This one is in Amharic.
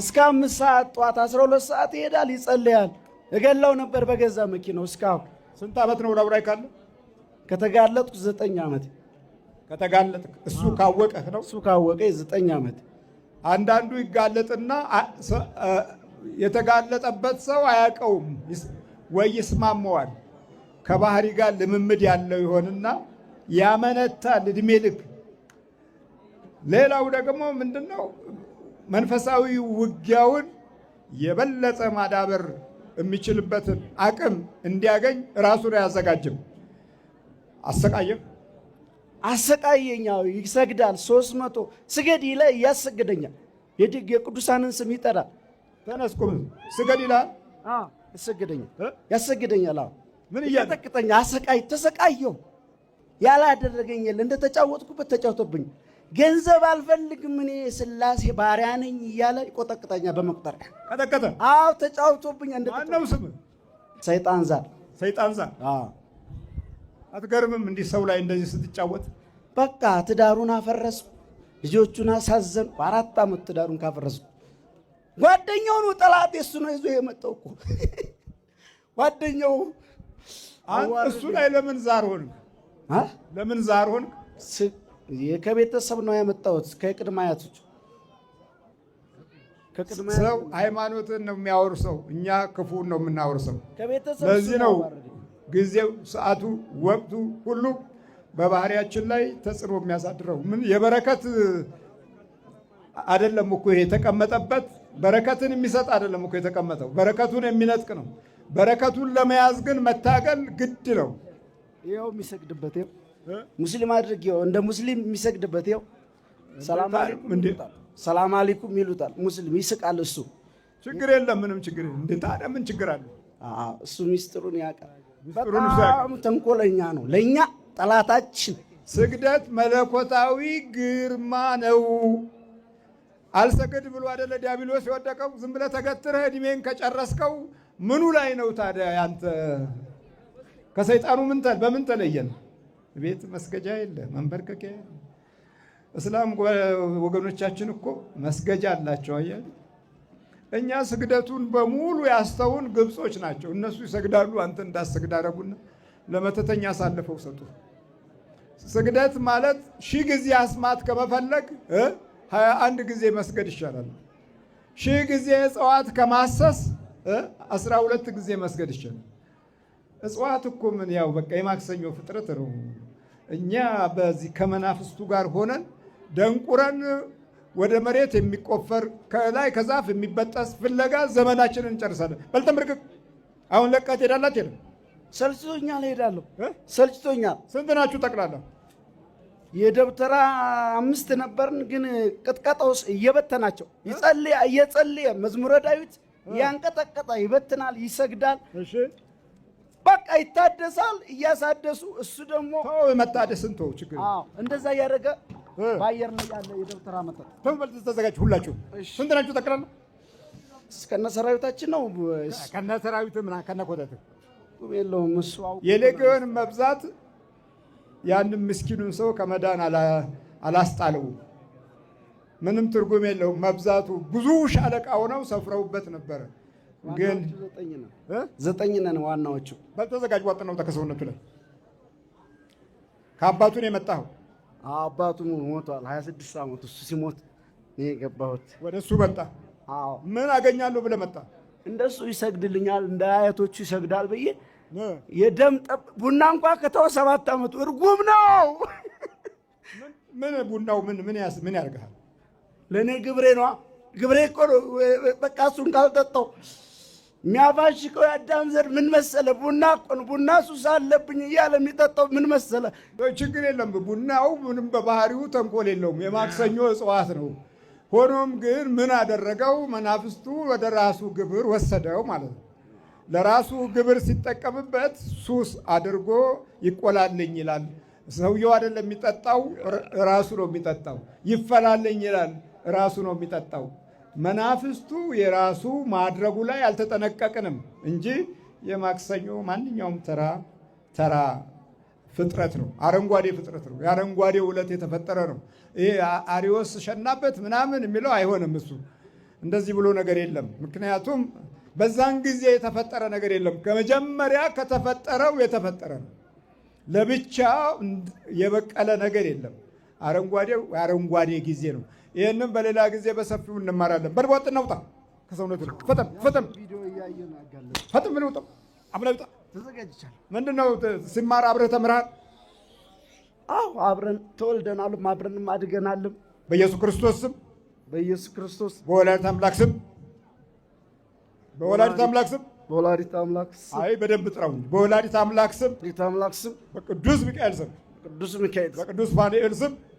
እስከ አምስት ሰዓት ጠዋት አስራ ሁለት ሰዓት ይሄዳል፣ ይጸልያል። እገላው ነበር በገዛ መኪናው። እስካሁን ስንት ዓመት ነው ዳቡራይ ካለ? ከተጋለጥኩ ዘጠኝ ዓመት ከተጋለጥ እሱ ካወቀ ነው። እሱ ካወቀ ዘጠኝ ዓመት። አንዳንዱ ይጋለጥና የተጋለጠበት ሰው አያውቀውም ወይ ይስማመዋል። ከባህሪ ጋር ልምምድ ያለው ይሆንና ያመነታል እድሜ ልክ። ሌላው ደግሞ ምንድነው መንፈሳዊ ውጊያውን የበለጠ ማዳበር የሚችልበትን አቅም እንዲያገኝ ራሱን አያዘጋጅም። አሰቃየም አሰቃየኛው ይሰግዳል። ሶስት መቶ ስገድ ይለ እያሰገደኛል የቅዱሳንን ስም ይጠራል። ተነስ ቁም ስገድ ይላል። ያሰግደኛል ያሰግደኛል። ምን እያጠቅጠኛ አሰቃይ ተሰቃየው ያላደረገኝ የለ እንደተጫወጥኩበት ተጫውቶብኝ ገንዘብ አልፈልግም እኔ ስላሴ ባሪያ ነኝ እያለ ይቆጠቅጠኛ በመቁጠር ቀጠቀጠ። አዎ ተጫውቶብኝ። እንደማነው ስም ሰይጣን ዛር፣ ሰይጣን ዛር። አትገርምም? እንዲህ ሰው ላይ እንደዚህ ስትጫወት በቃ ትዳሩን አፈረስኩ፣ ልጆቹን አሳዘኑ አራት ዓመት ትዳሩን ካፈረስኩ ጓደኛውን ጠላት የሱ ነው ይዞ የመጣው እኮ ጓደኛው እሱ ላይ ለምን ዛር ሆንክ? ለምን ዛር ሆንክ? ከቤተሰብ ነው ያመጣሁት። ከቅድመ አያቶች ሰው ሃይማኖትን ነው የሚያወርሰው፣ እኛ ክፉን ነው የምናወርሰው። ለዚህ ነው ጊዜው፣ ሰዓቱ፣ ወቅቱ ሁሉ በባህሪያችን ላይ ተጽዕኖ የሚያሳድረው። ምን የበረከት አይደለም እኮ ይሄ የተቀመጠበት በረከትን የሚሰጥ አይደለም እኮ የተቀመጠው፣ በረከቱን የሚነጥቅ ነው። በረከቱን ለመያዝ ግን መታገል ግድ ነው። ይኸው የሚሰግድበት ሙስሊም አድርግ እንደ ሙስሊም የሚሰግድበት ይኸው ሰላም አለይኩም ይሉታል። ሙስሊም ይስቃል። እሱ ችግር የለም ምንም ችግር እንደ ታዲያ ምን ችግር አለ? እሱ ሚስጥሩን ያውቃል። በጣም ተንኮለኛ ነው። ለእኛ ጠላታችን። ስግደት መለኮታዊ ግርማ ነው። አልሰግድ ብሎ አደለ ዲያብሎስ የወደቀው። ዝም ብለህ ተገትረህ እድሜን ከጨረስከው ምኑ ላይ ነው ታዲያ? ያንተ ከሰይጣኑ በምን ተለየን? ቤት መስገጃ የለ፣ መንበርከኪያ የለ። እስላም ወገኖቻችን እኮ መስገጃ አላቸው። አያ እኛ ስግደቱን በሙሉ ያስተውን ግብጾች ናቸው። እነሱ ይሰግዳሉ፣ አንተ እንዳትሰግድ አደረጉና ለመተተኛ አሳልፈው ሰጡ። ስግደት ማለት ሺህ ጊዜ አስማት ከመፈለግ ሀያ አንድ ጊዜ መስገድ ይሻላል። ሺህ ጊዜ እጽዋት ከማሰስ አስራ ሁለት ጊዜ መስገድ ይሻላል። እጽዋት እኮ ምን ያው በቃ የማክሰኞ ፍጥረት ነው። እኛ በዚህ ከመናፍስቱ ጋር ሆነን ደንቁረን ወደ መሬት የሚቆፈር ከላይ ከዛፍ የሚበጠስ ፍለጋ ዘመናችንን እንጨርሳለን። በልተም ብርቅቅ አሁን ለቃ ሄዳላት የለም። ሰልችቶኛል፣ ሄዳለሁ ሰልችቶኛል። ስንት ናችሁ ጠቅላላ? የደብተራ አምስት ነበርን፣ ግን ቅጥቀጣውስ እየበተናቸው እየጸልየ መዝሙረ ዳዊት ያንቀጠቀጣ ይበትናል፣ ይሰግዳል በቃ ይታደሳል። እያሳደሱ እሱ ደግሞ መታደስን ተው ችግር እንደዛ እያደረገ በአየር ላይ ያለ የደብተራ መጠጥ ተመልጥ ተዘጋጅ። ሁላችሁ ስንት ናችሁ ጠቅላላ? ከነ ሰራዊታችን ነው ከነ ሰራዊት ምና ከነ ኮተት የለውም። እሱ መብዛት ያንም ምስኪኑን ሰው ከመዳን አላስጣለው። ምንም ትርጉም የለውም መብዛቱ። ብዙ ሻለቃ ሆነው ሰፍረውበት ነበረ። ግን ዘጠኝ ነን ዋናዎቹ። በልተዘጋጅ ዋጥናው ከሰውነቱ ላይ ከአባቱን የመጣው አባቱ ሞቷል። 26 ዓመቱ እሱ ሲሞት እኔ የገባሁት ወደ እሱ መጣ። ምን አገኛለሁ ብለህ መጣ። እንደሱ ይሰግድልኛል እንደ አያቶቹ ይሰግዳል ብዬ የደም ጠብ ቡና እንኳ ከተወ ሰባት ዓመቱ እርጉም ነው። ምን ቡናው ምን ምን ምን ያደርግሃል? ለእኔ ግብሬ ነዋ። ግብሬ እኮ በቃ እሱን ካልጠጣው የሚያፋሽከው የአዳም ዘር ምን መሰለ ቡና ቡና ሱስ አለብኝ እያለ የሚጠጣው ምን መሰለ ችግር የለም። ቡናው ምንም በባህሪው ተንኮል የለውም። የማክሰኞ እጽዋት ነው። ሆኖም ግን ምን አደረገው? መናፍስቱ ወደ ራሱ ግብር ወሰደው ማለት ነው። ለራሱ ግብር ሲጠቀምበት ሱስ አድርጎ ይቆላልኝ ይላል። ሰውየው አይደለም የሚጠጣው፣ ራሱ ነው የሚጠጣው። ይፈላልኝ ይላል፣ ራሱ ነው የሚጠጣው። መናፍስቱ የራሱ ማድረጉ ላይ አልተጠነቀቅንም እንጂ የማክሰኞ ማንኛውም ተራ ተራ ፍጥረት ነው። አረንጓዴ ፍጥረት ነው። የአረንጓዴ ውለት የተፈጠረ ነው። ይሄ አሪዎስ ሸናበት ምናምን የሚለው አይሆንም። እሱ እንደዚህ ብሎ ነገር የለም። ምክንያቱም በዛን ጊዜ የተፈጠረ ነገር የለም። ከመጀመሪያ ከተፈጠረው የተፈጠረ ነው። ለብቻ የበቀለ ነገር የለም። አረንጓዴ አረንጓዴ ጊዜ ነው። ይህንም በሌላ ጊዜ በሰፊው እንማራለን። በድቧጥ እናውጣ ከሰውነቱ ፈጠን ፈጠን ፈጠን ምን ውጣ አብረን ውጣ ተዘጋጅቻለሁ። ምንድን ነው ሲማር አብረህ ተምረሃል? አዎ አብረን ተወልደናልም አብረንም አድገናልም። በኢየሱስ ክርስቶስ ስም በኢየሱስ ክርስቶስ በወላዲተ አምላክ ስም በወላዲተ አምላክ ስም በወላዲተ አምላክ ስም አይ በደንብ ጥራው። አምላክ ስም በወላዲተ አምላክ ስም በቅዱስ ሚካኤል ስም ቅዱስ ሚካኤል በቅዱስ ፋኑኤል ስም